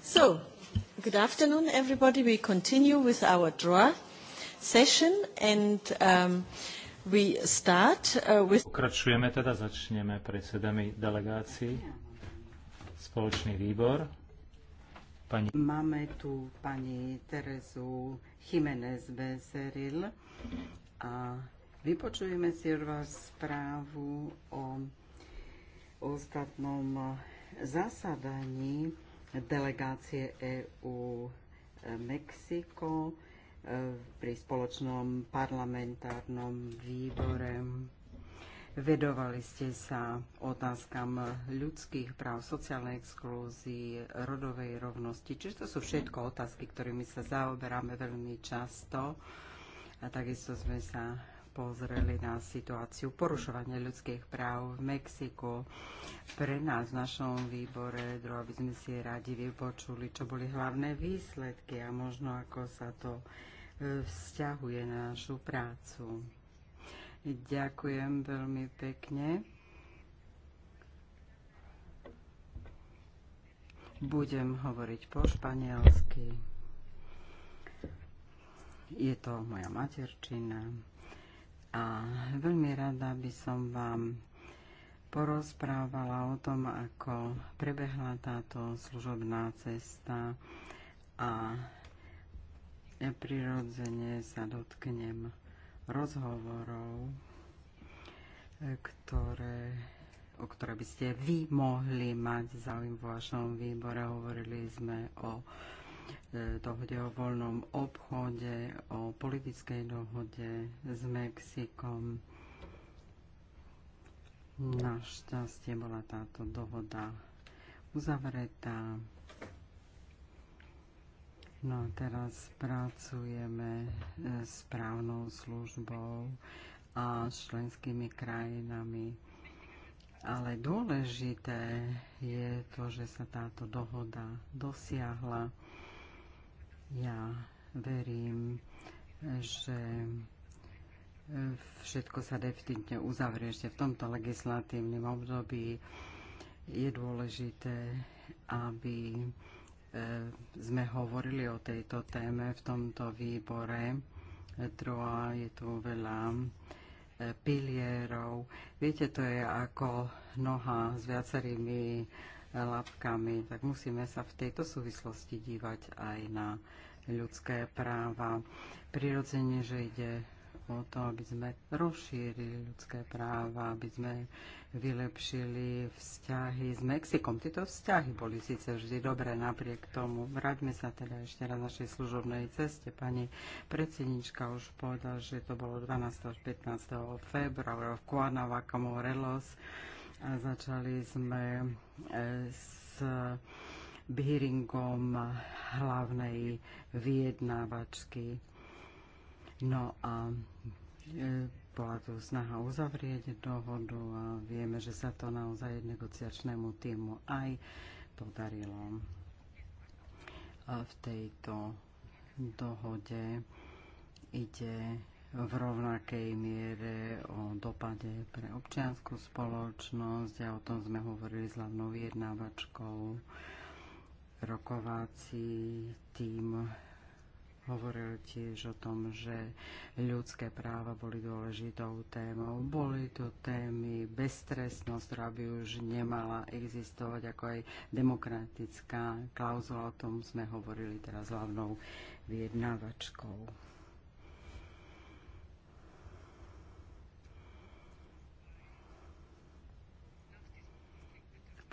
So, good afternoon, everybody. We continue with our draw session and um, we start uh, with... Pokračujeme teda, začneme predsedami delegácií, spoločný výbor. Pani... Máme tu pani Terezu Jiménez Beseril a vypočujeme si vás správu o ostatnom zasadaní delegácie EU e, Mexiko e, pri spoločnom parlamentárnom výbore. Vedovali ste sa otázkam ľudských práv, sociálnej exklúzii, rodovej rovnosti. Čiže to sú všetko otázky, ktorými sa zaoberáme veľmi často. A takisto sme sa pozreli na situáciu porušovania ľudských práv v Mexiku. Pre nás v našom výbore, druhá by sme si radi vypočuli, čo boli hlavné výsledky a možno ako sa to e, vzťahuje na našu prácu. Ďakujem veľmi pekne. Budem hovoriť po španielsky. Je to moja materčina a veľmi rada by som vám porozprávala o tom, ako prebehla táto služobná cesta a prirodzene sa dotknem rozhovorov, ktoré o ktoré by ste vy mohli mať záujem vo vašom výbore. Hovorili sme o Eh, dohode o voľnom obchode, o politickej dohode s Mexikom. Našťastie bola táto dohoda uzavretá. No a teraz pracujeme eh, s právnou službou a s členskými krajinami. Ale dôležité je to, že sa táto dohoda dosiahla ja verím, že všetko sa definitívne uzavrie ešte v tomto legislatívnym období. Je dôležité, aby e, sme hovorili o tejto téme v tomto výbore. Troa je tu veľa e, pilierov. Viete, to je ako noha s viacerými labkami, tak musíme sa v tejto súvislosti dívať aj na ľudské práva. Prirodzene, že ide o to, aby sme rozšírili ľudské práva, aby sme vylepšili vzťahy s Mexikom. Tieto vzťahy boli síce vždy dobré napriek tomu. Vráťme sa teda ešte na našej služobnej ceste. Pani predsednička už povedala, že to bolo 12. až 15. februára v Cuanavaca Morelos. Začali sme e, s hearingom hlavnej vyjednávačky. No a e, bola tu snaha uzavrieť dohodu a vieme, že sa to naozaj negociačnému týmu aj podarilo v tejto dohode ide v rovnakej miere o dopade pre občianskú spoločnosť a o tom sme hovorili s hlavnou vyjednávačkou rokovací tým hovoril tiež o tom, že ľudské práva boli dôležitou témou. Boli to témy beztrestnosť, ktorá by už nemala existovať, ako aj demokratická klauzula. O tom sme hovorili teraz hlavnou vyjednávačkou.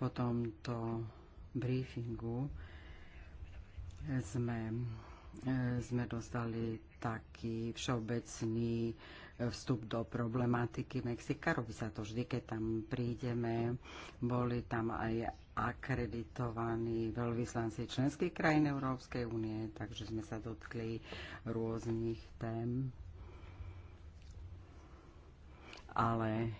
po tomto briefingu sme, sme dostali taký všeobecný vstup do problematiky Mexika. Robí sa to vždy, keď tam prídeme. Boli tam aj akreditovaní veľvyslanci členských krajín Európskej únie, takže sme sa dotkli rôznych tém. Ale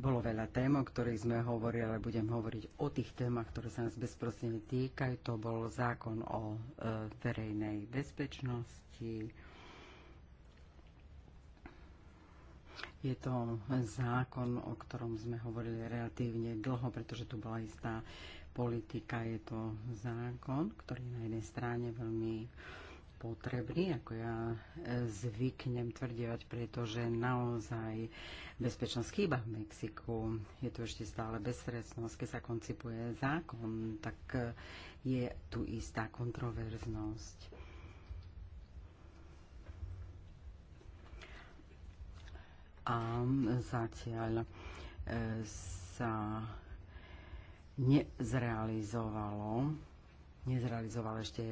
bolo veľa tém, o ktorých sme hovorili, ale budem hovoriť o tých témach, ktoré sa nás bezprostredne týkajú. To bol zákon o e, verejnej bezpečnosti. Je to zákon, o ktorom sme hovorili relatívne dlho, pretože tu bola istá politika. Je to zákon, ktorý na jednej strane veľmi potrebný, ako ja e, zvyknem tvrdievať, pretože naozaj bezpečnosť chýba v Mexiku. Je tu ešte stále bezstresnosť, keď sa koncipuje zákon, tak e, je tu istá kontroverznosť. A zatiaľ e, sa nezrealizovalo nezrealizoval ešte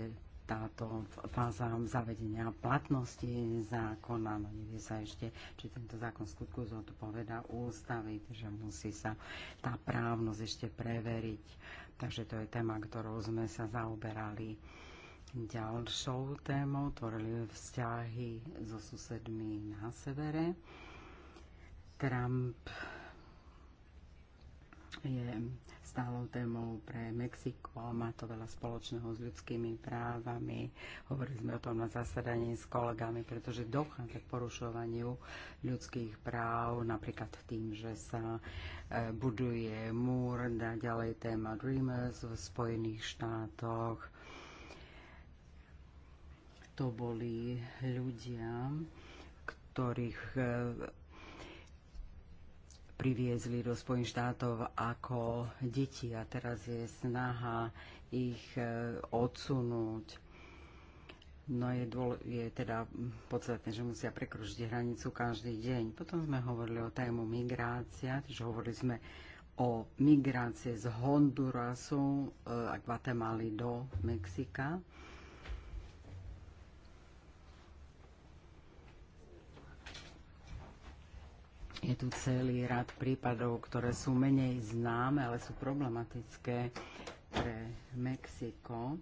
táto fáza zavedenia platnosti zákona, no nevie sa ešte, či tento zákon skutku zodpoveda ústavy, že musí sa tá právnosť ešte preveriť. Takže to je téma, ktorou sme sa zaoberali. Ďalšou témou tvorili vzťahy so susedmi na severe. Trump je stálou témou pre Mexiko, má to veľa spoločného s ľudskými právami. Hovorili sme o tom na zasadaní s kolegami, pretože dochádza k porušovaniu ľudských práv, napríklad tým, že sa e, buduje múr, a ďalej téma Dreamers v Spojených štátoch. To boli ľudia, ktorých e, priviezli do Spojených štátov ako deti a teraz je snaha ich e, odsunúť. No je, dôle, je teda podstatné, že musia prekročiť hranicu každý deň. Potom sme hovorili o tému migrácia, tiež hovorili sme o migrácie z Hondurasu e, a Guatemaly do Mexika. Je tu celý rad prípadov, ktoré sú menej známe, ale sú problematické pre Mexiko,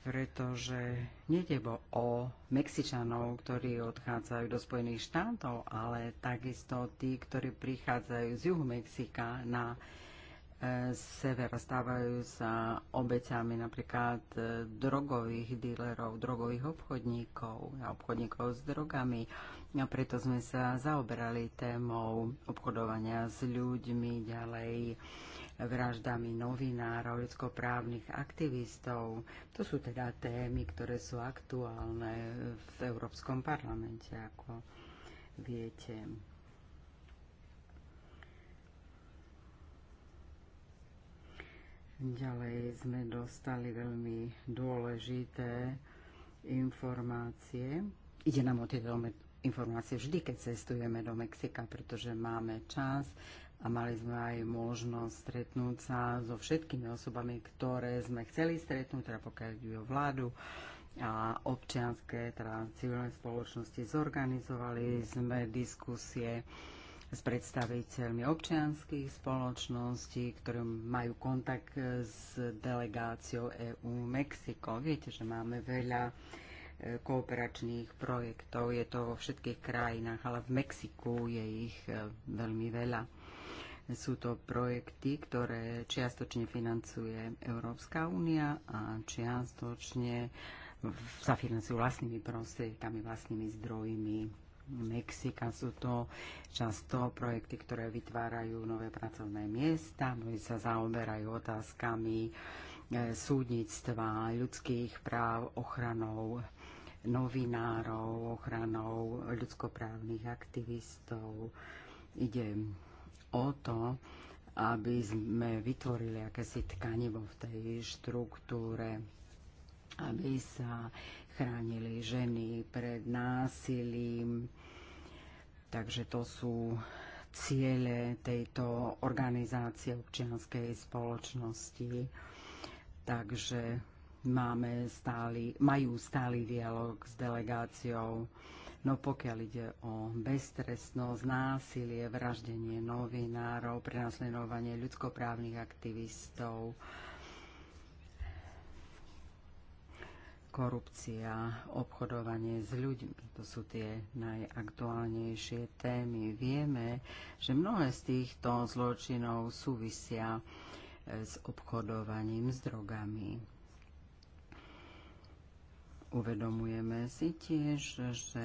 pretože nejde o Mexičanov, ktorí odchádzajú do Spojených štátov, ale takisto tí, ktorí prichádzajú z juhu Mexika na e, sever, a stávajú sa obeťami napríklad e, drogových dílerov, drogových obchodníkov, obchodníkov s drogami a preto sme sa zaoberali témou obchodovania s ľuďmi, ďalej vraždami novinárov, ľudskoprávnych aktivistov. To sú teda témy, ktoré sú aktuálne v Európskom parlamente, ako viete. Ďalej sme dostali veľmi dôležité informácie. Ide nám o tie informácie vždy, keď cestujeme do Mexika, pretože máme čas a mali sme aj možnosť stretnúť sa so všetkými osobami, ktoré sme chceli stretnúť, teda pokiaľ ide o vládu a občianské, teda civilné spoločnosti. Zorganizovali sme diskusie s predstaviteľmi občianských spoločností, ktoré majú kontakt s delegáciou EU Mexiko. Viete, že máme veľa kooperačných projektov. Je to vo všetkých krajinách, ale v Mexiku je ich e, veľmi veľa. Sú to projekty, ktoré čiastočne financuje Európska únia a čiastočne sa financujú vlastnými prostriedkami, vlastnými zdrojmi Mexika. Sú to často projekty, ktoré vytvárajú nové pracovné miesta, ktoré sa zaoberajú otázkami e, súdnictva, ľudských práv, ochranou novinárov, ochranou ľudskoprávnych aktivistov. Ide o to, aby sme vytvorili akési tkanivo v tej štruktúre, aby sa chránili ženy pred násilím. Takže to sú ciele tejto organizácie občianskej spoločnosti. Takže máme stály, majú stály dialog s delegáciou. No pokiaľ ide o beztrestnosť, násilie, vraždenie novinárov, prenasledovanie ľudskoprávnych aktivistov, korupcia, obchodovanie s ľuďmi. To sú tie najaktuálnejšie témy. Vieme, že mnohé z týchto zločinov súvisia eh, s obchodovaním s drogami Uvedomujeme si tiež, že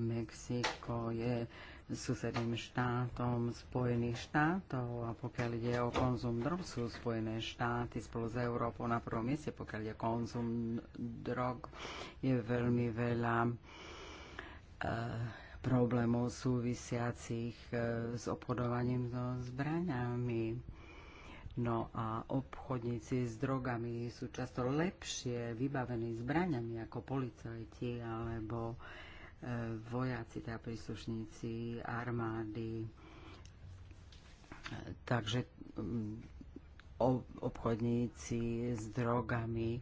Mexiko je susedným štátom Spojených štátov a pokiaľ ide o konzum drog, sú Spojené štáty spolu s Európou na prvom mieste, pokiaľ ide o konzum drog, je veľmi veľa e, problémov súvisiacich e, s obchodovaním so zbraňami No a obchodníci s drogami sú často lepšie vybavení zbraňami ako policajti alebo e, vojaci, teda príslušníci armády. E, takže mm, obchodníci s drogami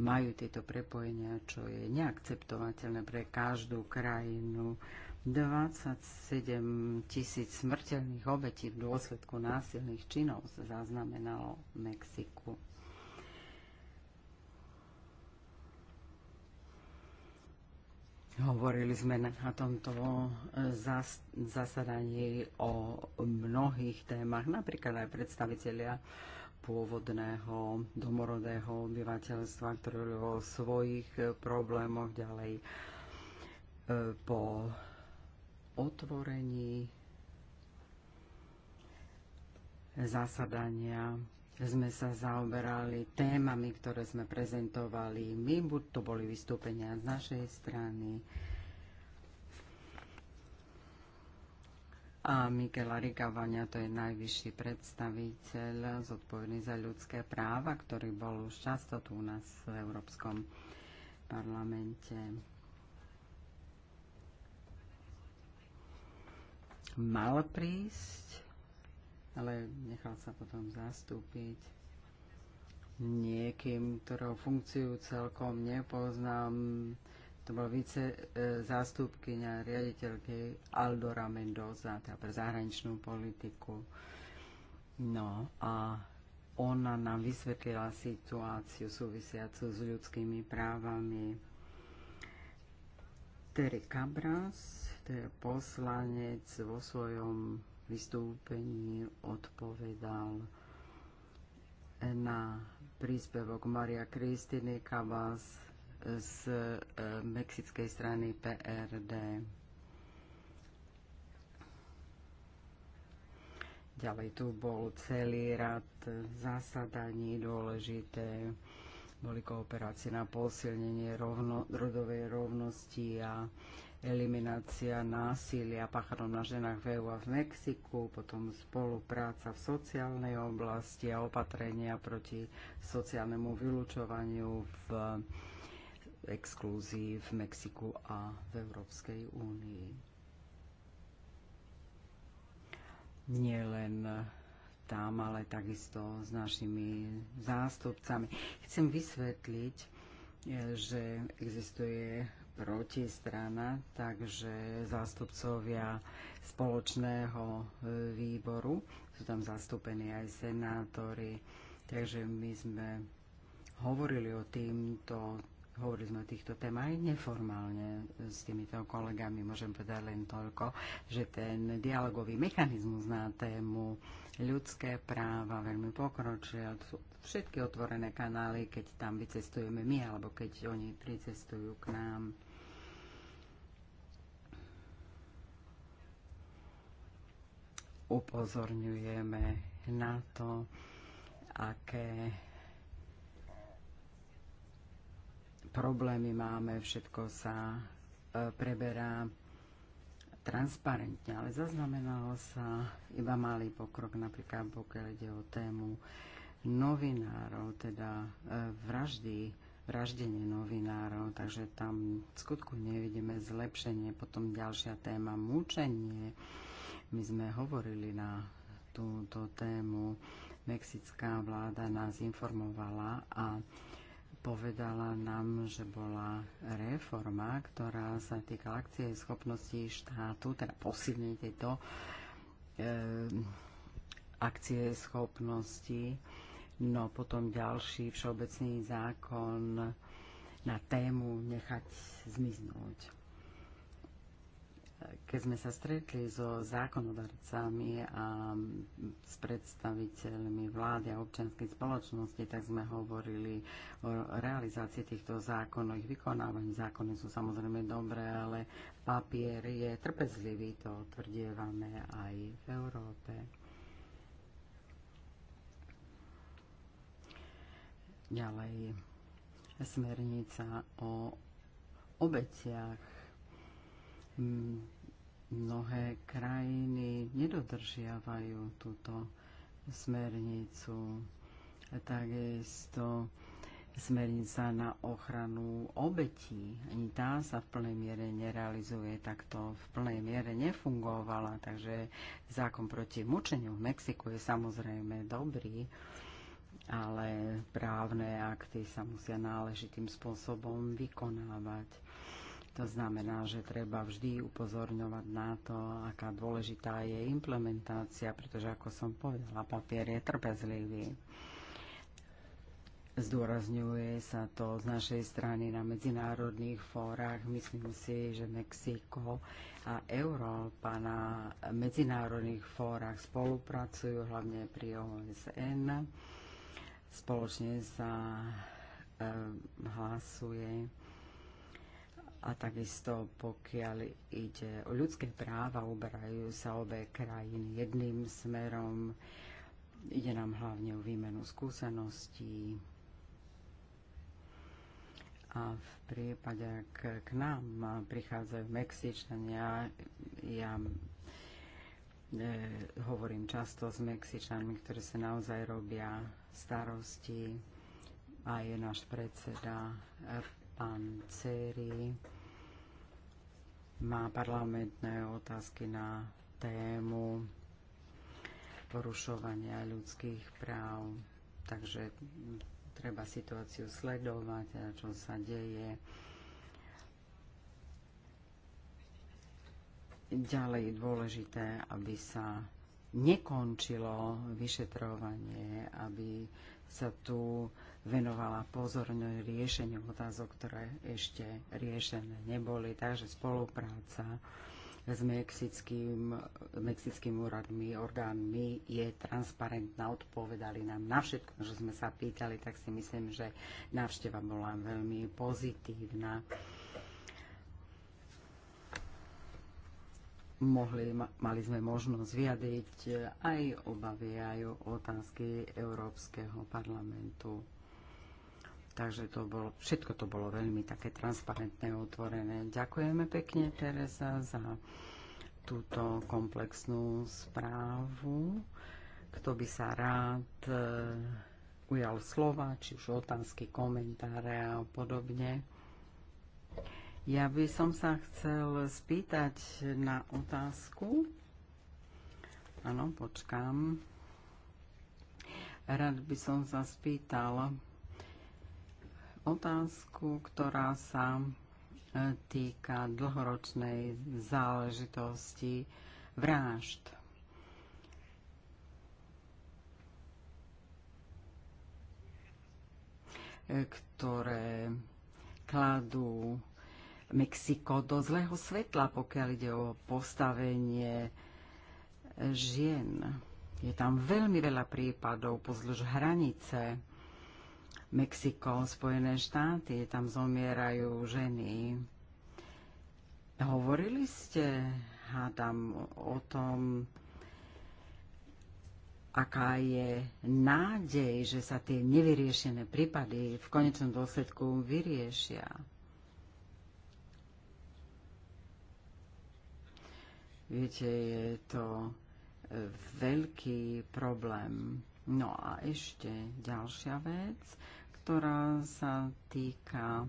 majú tieto prepojenia, čo je neakceptovateľné pre každú krajinu. 27 tisíc smrteľných obetí v dôsledku násilných činov sa zaznamenalo v Mexiku. Hovorili sme na tomto e, zas- zasadaní o mnohých témach, napríklad aj predstavitelia pôvodného domorodého obyvateľstva, ktorý o svojich problémoch ďalej e, po otvorení zasadania sme sa zaoberali témami, ktoré sme prezentovali my, buď to boli vystúpenia z našej strany, A Mikela Rikavania, to je najvyšší predstaviteľ zodpovedný za ľudské práva, ktorý bol už často tu u nás v Európskom parlamente. mal prísť, ale nechal sa potom zastúpiť niekým, ktorého funkciu celkom nepoznám. To bol vice e, zástupkynia riaditeľky Aldora Mendoza, teda pre zahraničnú politiku. No a ona nám vysvetlila situáciu súvisiacu s ľudskými právami Terry Cabras, to je poslanec, vo svojom vystúpení odpovedal na príspevok Maria Kristiny Cabas z e, mexickej strany PRD. Ďalej tu bol celý rad zasadaní dôležité boli kooperácie na posilnenie rovno, rodovej rovnosti a eliminácia násilia páchanom na ženách v EU a v Mexiku, potom spolupráca v sociálnej oblasti a opatrenia proti sociálnemu vylúčovaniu v exklúzii v Mexiku a v Európskej únii. Nie len tam, ale takisto s našimi zástupcami. Chcem vysvetliť, e, že existuje protistrana, takže zástupcovia spoločného e, výboru, sú tam zastúpení aj senátori, takže my sme hovorili o týmto hovorili sme o týchto témach aj neformálne s týmito kolegami. Môžem povedať len toľko, že ten dialogový mechanizmus na tému ľudské práva veľmi pokročia. Sú všetky otvorené kanály, keď tam vycestujeme my, alebo keď oni pricestujú k nám. Upozorňujeme na to, aké problémy máme, všetko sa e, preberá transparentne, ale zaznamenalo sa iba malý pokrok, napríklad pokiaľ ide o tému novinárov, teda e, vraždy, vraždenie novinárov, takže tam v skutku nevidíme zlepšenie. Potom ďalšia téma mučenie. My sme hovorili na túto tému. Mexická vláda nás informovala a povedala nám, že bola reforma, ktorá sa týka akcie schopnosti štátu, teda posilnenie tejto e, akcie schopnosti. No potom ďalší všeobecný zákon na tému nechať zmiznúť keď sme sa stretli so zákonodarcami a s predstaviteľmi vlády a občianskej spoločnosti, tak sme hovorili o realizácii týchto zákonov, ich vykonávaní. Zákony sú samozrejme dobré, ale papier je trpezlivý, to tvrdievame aj v Európe. Ďalej smernica o obetiach mnohé krajiny nedodržiavajú túto smernicu. Takisto smernica na ochranu obetí. Ani tá sa v plnej miere nerealizuje, tak to v plnej miere nefungovala, takže zákon proti mučeniu v Mexiku je samozrejme dobrý, ale právne akty sa musia náležitým spôsobom vykonávať to znamená, že treba vždy upozorňovať na to, aká dôležitá je implementácia, pretože, ako som povedala, papier je trpezlivý. Zdôrazňuje sa to z našej strany na medzinárodných fórach. Myslím si, že Mexiko a Európa na medzinárodných fórach spolupracujú, hlavne pri OSN. Spoločne sa e, hlasuje a takisto pokiaľ ide o ľudské práva, uberajú sa obe krajiny jedným smerom. Ide nám hlavne o výmenu skúseností. A v prípade, ak k nám prichádzajú Mexičania, ja e, hovorím často s Mexičanmi, ktorí sa naozaj robia starosti a je náš predseda Pancery má parlamentné otázky na tému porušovania ľudských práv. Takže treba situáciu sledovať a čo sa deje. Ďalej je dôležité, aby sa nekončilo vyšetrovanie, aby sa tu venovala pozorne riešeniu otázok, ktoré ešte riešené neboli. Takže spolupráca s mexickým, mexickým úradmi, orgánmi je transparentná. Odpovedali nám na všetko, že sme sa pýtali, tak si myslím, že návšteva bola veľmi pozitívna. mohli, mali sme možnosť vyjadriť aj obavy, aj otázky Európskeho parlamentu. Takže to bolo, všetko to bolo veľmi také transparentné, otvorené. Ďakujeme pekne, Teresa, za túto komplexnú správu. Kto by sa rád e, ujal slova, či už otázky, komentáre a podobne. Ja by som sa chcel spýtať na otázku. Áno, počkám. Rád by som sa spýtal, otázku, ktorá sa e, týka dlhoročnej záležitosti vražd. E, ktoré kladú Mexiko do zlého svetla, pokiaľ ide o postavenie e, žien. Je tam veľmi veľa prípadov pozdĺž hranice, Mexiko, Spojené štáty, tam zomierajú ženy. Hovorili ste, hádam, o tom, aká je nádej, že sa tie nevyriešené prípady v konečnom dôsledku vyriešia. Viete, je to e, veľký problém. No a ešte ďalšia vec ktorá sa týka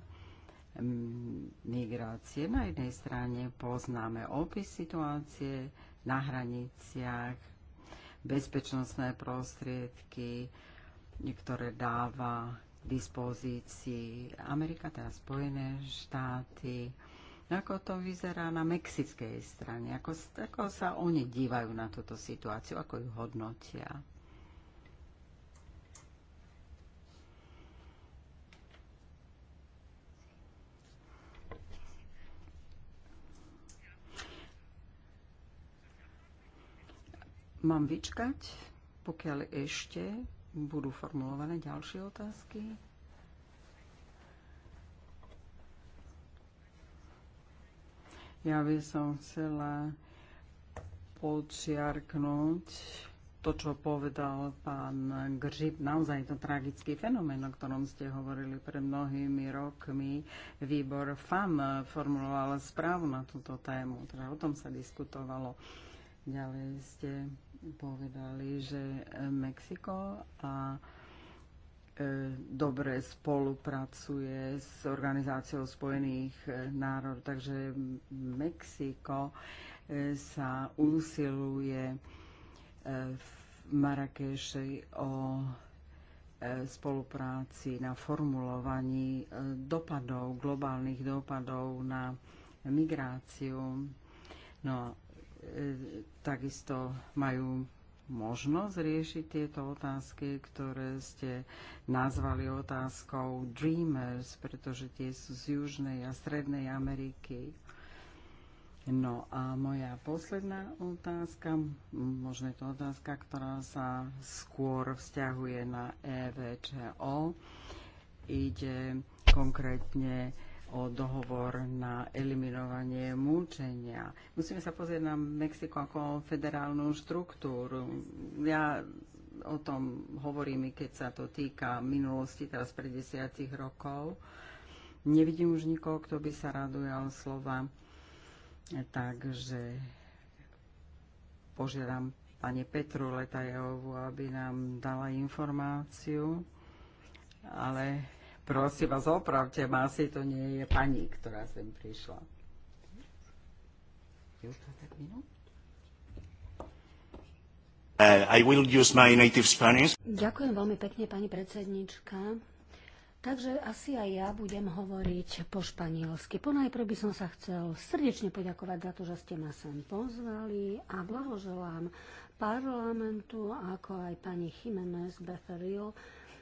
mm, migrácie. Na jednej strane poznáme opis situácie na hraniciach, bezpečnostné prostriedky, ktoré dáva k dispozícii Amerika, teda Spojené štáty. Ako to vyzerá na mexickej strane? Ako, ako sa oni dívajú na túto situáciu? Ako ju hodnotia? Mám vyčkať, pokiaľ ešte budú formulované ďalšie otázky. Ja by som chcela počiarknúť to, čo povedal pán Gržib, naozaj je to tragický fenomén, o ktorom ste hovorili pred mnohými rokmi. Výbor FAM formuloval správu na túto tému, teda o tom sa diskutovalo. Ďalej ste povedali, že e, Mexiko a e, dobre spolupracuje s Organizáciou spojených e, národov, takže Mexiko sa usiluje v Marrakeši o spolupráci na formulovaní dopadov, globálnych dopadov na migráciu. No E, takisto majú možnosť riešiť tieto otázky, ktoré ste nazvali otázkou Dreamers, pretože tie sú z Južnej a Strednej Ameriky. No a moja posledná otázka, možno je to otázka, ktorá sa skôr vzťahuje na EVČO, ide konkrétne o dohovor na eliminovanie múčenia. Musíme sa pozrieť na Mexiko ako federálnu štruktúru. Ja o tom hovorím, keď sa to týka minulosti, teraz pred desiatich rokov. Nevidím už nikoho, kto by sa radujal slova. Takže požiadam pani Petru Letajovu, aby nám dala informáciu. Ale Prosím vás, opravte ma, asi to nie je pani, ktorá sem prišla. Uh, Ďakujem veľmi pekne, pani predsednička. Takže asi aj ja budem hovoriť po španielsky. Ponajprv by som sa chcel srdečne poďakovať za to, že ste ma sem pozvali a blahoželám parlamentu, ako aj pani Jiménez Beferil,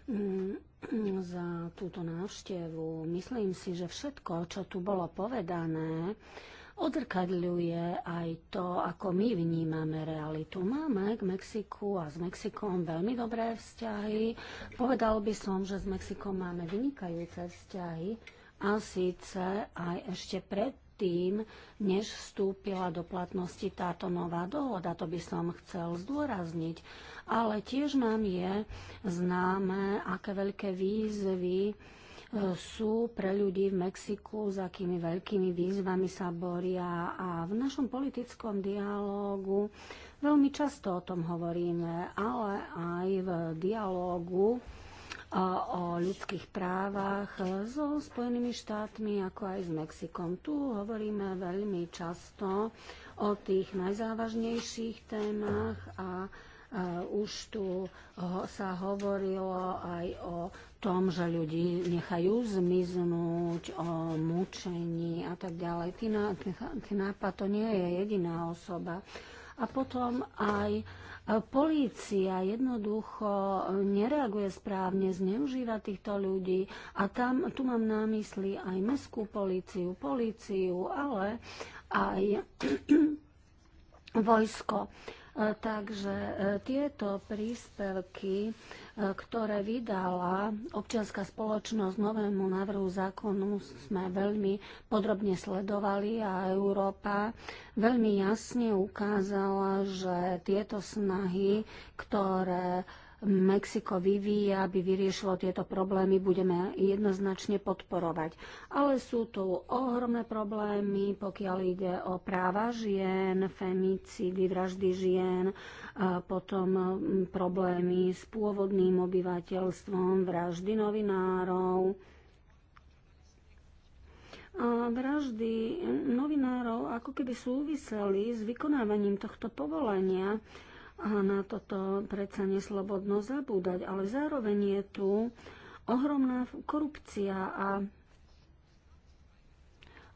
Mm, za túto návštevu. Myslím si, že všetko, čo tu bolo povedané, odrkadľuje aj to, ako my vnímame realitu. Máme k Mexiku a s Mexikom veľmi dobré vzťahy. Povedal by som, že s Mexikom máme vynikajúce vzťahy a síce aj ešte pred predtým, než vstúpila do platnosti táto nová dohoda. To by som chcel zdôrazniť. Ale tiež nám je známe, aké veľké výzvy e, sú pre ľudí v Mexiku, s akými veľkými výzvami sa boria a v našom politickom dialógu veľmi často o tom hovoríme, ale aj v dialógu o ľudských právach e, so Spojenými štátmi, ako aj s Mexikom. Tu hovoríme veľmi často o tých najzávažnejších témach a e, už tu sa hovorilo aj o tom, že ľudí nechajú zmiznúť, o mučení a tak ďalej. Tinápa to nie je jediná osoba, a potom aj e, Polícia jednoducho nereaguje správne, zneužíva týchto ľudí a tam, tu mám na mysli aj mestskú políciu, políciu, ale aj vojsko. E, takže e, tieto príspevky ktoré vydala občianská spoločnosť novému návrhu zákonu, sme veľmi podrobne sledovali a Európa veľmi jasne ukázala, že tieto snahy, ktoré Mexiko vyvíja, aby vyriešilo tieto problémy, budeme jednoznačne podporovať. Ale sú tu ohromné problémy, pokiaľ ide o práva žien, femicidy, vraždy žien, potom mm, problémy s pôvodným obyvateľstvom, vraždy novinárov, a vraždy novinárov ako keby súviseli s vykonávaním tohto povolania a na toto predsa neslobodno zabúdať. Ale zároveň je tu ohromná korupcia a,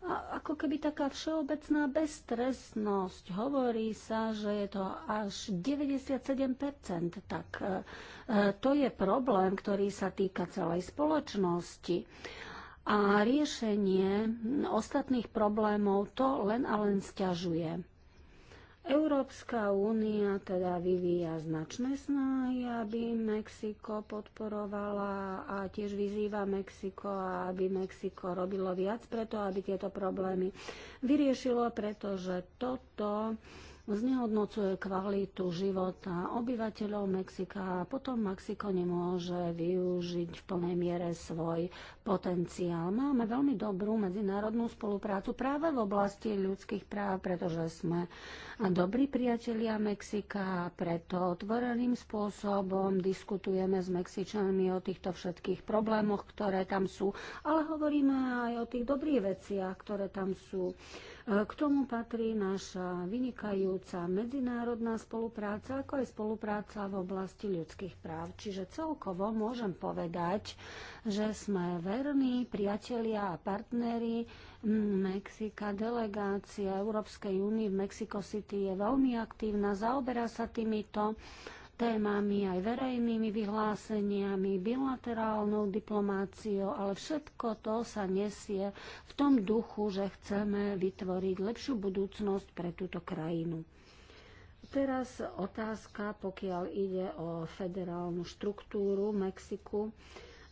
a ako keby taká všeobecná beztresnosť. Hovorí sa, že je to až 97%. Tak e, e, to je problém, ktorý sa týka celej spoločnosti. A riešenie ostatných problémov to len a len stiažuje. Európska únia teda vyvíja značné snahy, aby Mexiko podporovala a tiež vyzýva Mexiko, aby Mexiko robilo viac preto, aby tieto problémy vyriešilo, pretože toto znehodnocuje kvalitu života obyvateľov Mexika a potom Mexiko nemôže využiť v plnej miere svoj potenciál. Máme veľmi dobrú medzinárodnú spoluprácu práve v oblasti ľudských práv, pretože sme dobrí priatelia Mexika a preto otvoreným spôsobom diskutujeme s Mexičanmi o týchto všetkých problémoch, ktoré tam sú, ale hovoríme aj o tých dobrých veciach, ktoré tam sú. K tomu patrí naša vynikajúca medzinárodná spolupráca, ako aj spolupráca v oblasti ľudských práv. Čiže celkovo môžem povedať, že sme verní priatelia a partneri Mexika. Delegácia Európskej únie v Mexico City je veľmi aktívna, zaoberá sa týmito témami, aj verejnými vyhláseniami, bilaterálnou diplomáciou, ale všetko to sa nesie v tom duchu, že chceme vytvoriť lepšiu budúcnosť pre túto krajinu. Teraz otázka, pokiaľ ide o federálnu štruktúru Mexiku.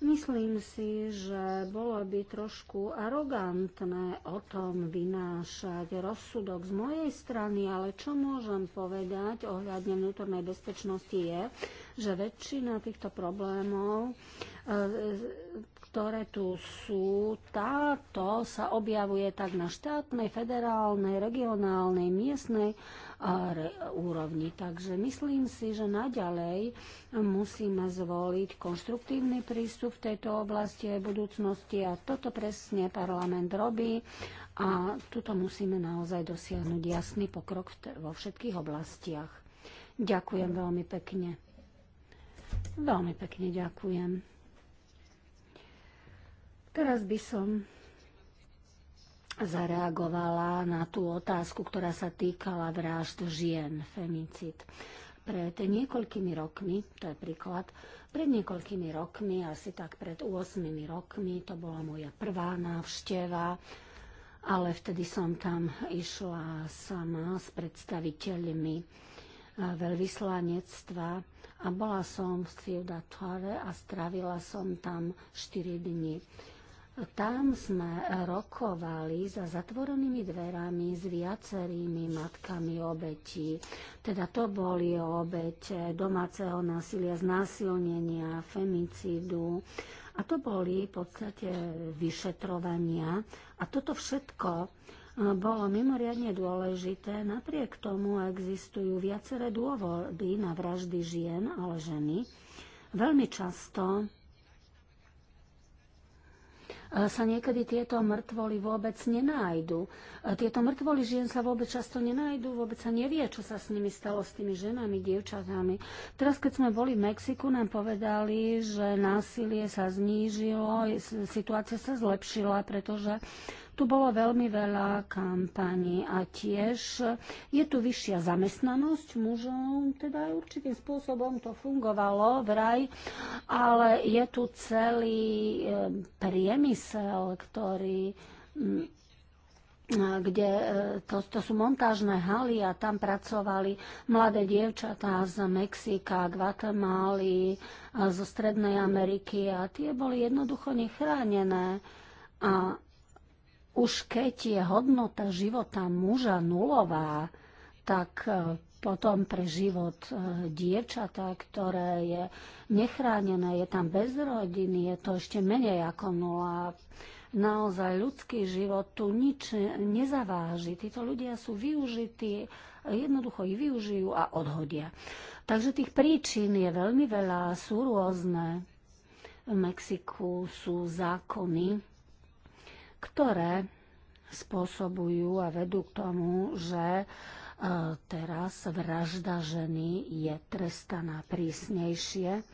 Myslím si, že bolo by trošku arogantné o tom vynášať rozsudok z mojej strany, ale čo môžem povedať ohľadne vnútornej bezpečnosti je, že väčšina týchto problémov e, ktoré tu sú, táto sa objavuje tak na štátnej, federálnej, regionálnej, miestnej úrovni. Takže myslím si, že naďalej musíme zvoliť konštruktívny prístup v tejto oblasti aj budúcnosti a toto presne parlament robí a tuto musíme naozaj dosiahnuť jasný pokrok vo všetkých oblastiach. Ďakujem veľmi pekne. Veľmi pekne ďakujem. Teraz by som zareagovala na tú otázku, ktorá sa týkala vražd žien, femicid. Pred niekoľkými rokmi, to je príklad, pred niekoľkými rokmi, asi tak pred 8 rokmi, to bola moja prvá návšteva, ale vtedy som tam išla sama s predstaviteľmi eh, veľvyslanectva a bola som v Ciudad Juárez a strávila som tam 4 dni. Tam sme rokovali za zatvorenými dverami s viacerými matkami obetí. Teda to boli obete domáceho násilia, znásilnenia, femicídu. A to boli v podstate vyšetrovania. A toto všetko eh, bolo mimoriadne dôležité. Napriek tomu existujú viaceré dôvody na vraždy žien, ale ženy veľmi často E, sa niekedy tieto mŕtvoly vôbec nenájdu. E, tieto mŕtvoly žien sa vôbec často nenájdu, vôbec sa nevie, čo sa s nimi stalo, s tými ženami, dievčatami. Teraz, keď sme boli v Mexiku, nám povedali, že násilie sa znížilo, e, situácia sa zlepšila, pretože tu bolo veľmi veľa kampaní a tiež je tu vyššia zamestnanosť mužov, teda aj určitým spôsobom to fungovalo vraj, ale je tu celý e, priemysel, ktorý mm, kde e, to, to sú montážne haly a tam pracovali mladé dievčatá z Mexika, Guatemaly, zo Strednej Ameriky a tie boli jednoducho nechránené. A už keď je hodnota života muža nulová, tak e, potom pre život e, dievčata, ktoré je nechránené, je tam bez rodiny, je to ešte menej ako nula. Naozaj ľudský život tu nič nezaváži. Títo ľudia sú využití, jednoducho ich využijú a odhodia. Takže tých príčin je veľmi veľa, sú rôzne. V Mexiku sú zákony, ktoré spôsobujú a vedú k tomu, že e, teraz vražda ženy je trestaná prísnejšie.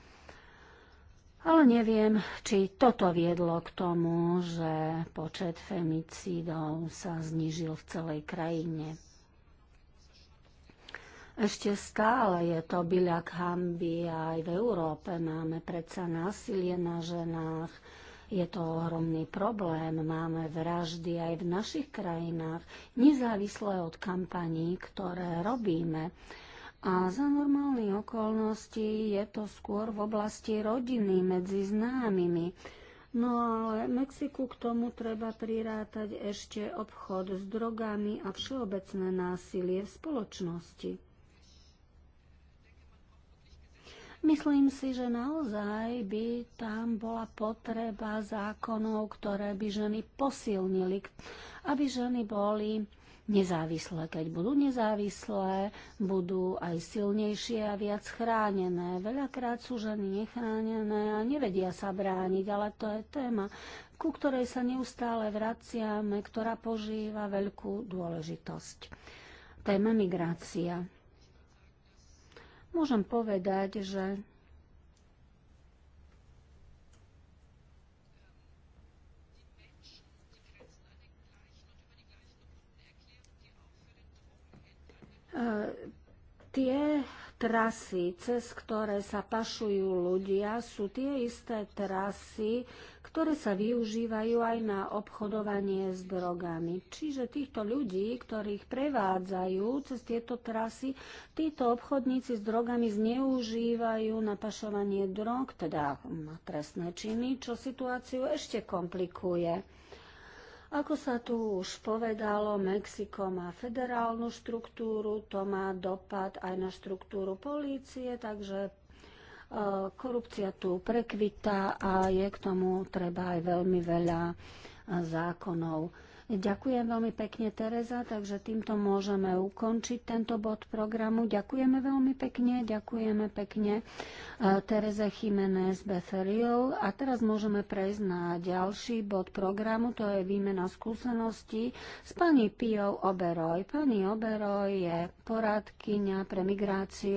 Ale neviem, či toto viedlo k tomu, že počet femicídov sa znížil v celej krajine. Ešte stále je to byľak hamby, aj v Európe máme predsa násilie na ženách, je to ohromný problém, máme vraždy aj v našich krajinách, nezávisle od kampaní, ktoré robíme. A za normálnych okolností je to skôr v oblasti rodiny medzi známymi. No ale Mexiku k tomu treba prirátať ešte obchod s drogami a všeobecné násilie v spoločnosti. Myslím si, že naozaj by tam bola potreba zákonov, ktoré by ženy posilnili, aby ženy boli nezávislé. Keď budú nezávislé, budú aj silnejšie a viac chránené. Veľakrát sú ženy nechránené a nevedia sa brániť, ale to je téma, ku ktorej sa neustále vraciame, ktorá požíva veľkú dôležitosť. Téma migrácia môžem povedať, že tie trasy, cez ktoré sa pašujú ľudia, sú tie isté trasy, ktoré sa využívajú aj na obchodovanie s drogami. Čiže týchto ľudí, ktorých prevádzajú cez tieto trasy, títo obchodníci s drogami zneužívajú na pašovanie drog, teda trestné činy, čo situáciu ešte komplikuje. Ako sa tu už povedalo, Mexiko má federálnu štruktúru, to má dopad aj na štruktúru polície, takže e, korupcia tu prekvitá a je k tomu treba aj veľmi veľa e, zákonov. Ďakujem veľmi pekne, Tereza, takže týmto môžeme ukončiť tento bod programu. Ďakujeme veľmi pekne, ďakujeme pekne e, Tereze Jiménez Beferil. A teraz môžeme prejsť na ďalší bod programu, to je výmena skúseností s pani Pijou Oberoj. Pani Oberoj je poradkyňa pre migráciu